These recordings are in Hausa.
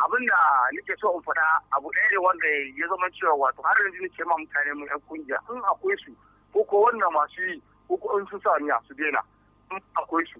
abin da nake so in faɗa abu ɗaya ne wanda ya zama cewa wato har yanzu nake ma mutane mu ƴan kungiya in akwai su ko ko wannan masu yi ko ko in sun sa niyya su daina in akwai su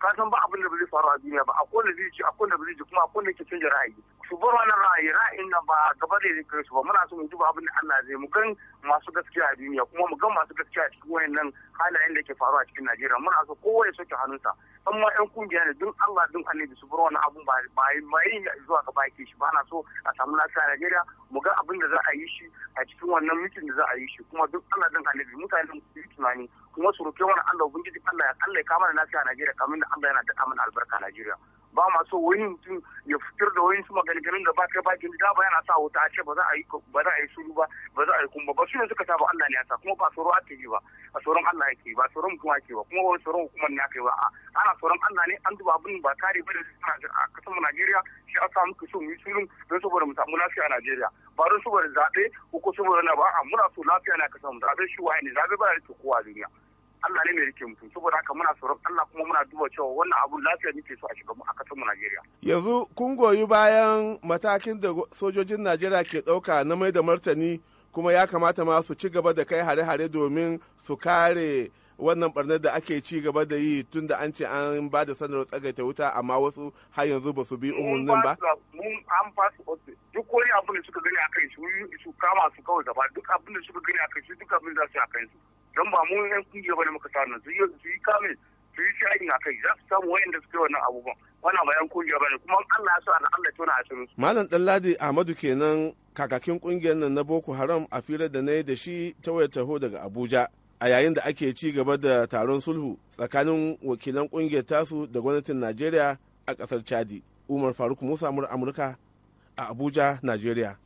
ka san ba abin da ba zai faru a duniya ba akwai da zai ci akwai da ba zai ci kuma akwai da ke canja ra'ayi su bar wannan ra'ayi ra'ayin nan ba gaba da zai kai su ba muna so mu duba abin da Allah zai mu gan masu gaskiya a duniya kuma mu gan masu gaskiya a cikin wayannan halayen da ke faruwa a cikin Najeriya muna so kowa ya soke hannunsa an ma yan kungiya ne don Allah dun annabi su bar wani abun ba ba yi zuwa ga baki shi ba na so a samu lafiya a Najeriya mu ga abin da za a yi shi a cikin wannan mitin da za a yi shi kuma duk Allah dun annabi mutane su yi tunani kuma su wani Allah ubangiji Allah ya kalle lafiya a Najeriya kamar da Allah yana da mana albarka a Najeriya. ba ma so wani mutum ya fitar da wani su maganganun da ba kai ba gindi da ba yana sa wuta a ce ba za a yi ba za a yi suru ba ba za a yi kuma ba su ne suka sa ba Allah ne ya sa kuma ba tsoro ake yi ba a tsoron Allah yake ba tsoron mutum ake ba kuma ba tsoron hukumar ne ake ba ana tsoron Allah ne an duba abin ba kare ba da a kasar mu Najeriya shi a samu so mu yi don saboda mu samu lafiya a Najeriya ba don saboda zaɓe ko saboda na ba a muna so lafiya na kasar mu zaɓe shi waye ne zaɓe ba da kowa duniya Allah ne mai rike mutum saboda haka muna tsoron Allah kuma muna duba cewa wannan abun lafiya ne ke so a shiga mu a kasar mu Najeriya. Yanzu kun goyi bayan matakin da sojojin Najeriya ke ɗauka na mai da martani kuma ya kamata ma su ci gaba da kai hare-hare domin su kare wannan barnar da ake ci gaba da yi tun da an ce an ba da sanarwar tsagaita wuta amma wasu har yanzu ba su bi umarnin ba? Mun an wasu duk wani abin da suka gani a kai su kama su kawai gaba duk abin da suka gani a kai su duk abin da su a kai su. don ba mu yan kungiya bane muka sa nan su yi kamin su yi shayin a kai za su samu wayanda suka yi wannan abubuwan wannan ba yan kungiya bane kuma Allah ya so an Allah tona cikin su malam ladi Ahmadu kenan kakakin kungiyar nan na Boko Haram a firar da na yi da shi ta wayar taho daga Abuja a yayin da ake ci gaba da taron sulhu tsakanin wakilan kungiyar tasu da gwamnatin Najeriya a kasar Chadi. Umar Faruk Musa Amurka a Abuja, Najeriya.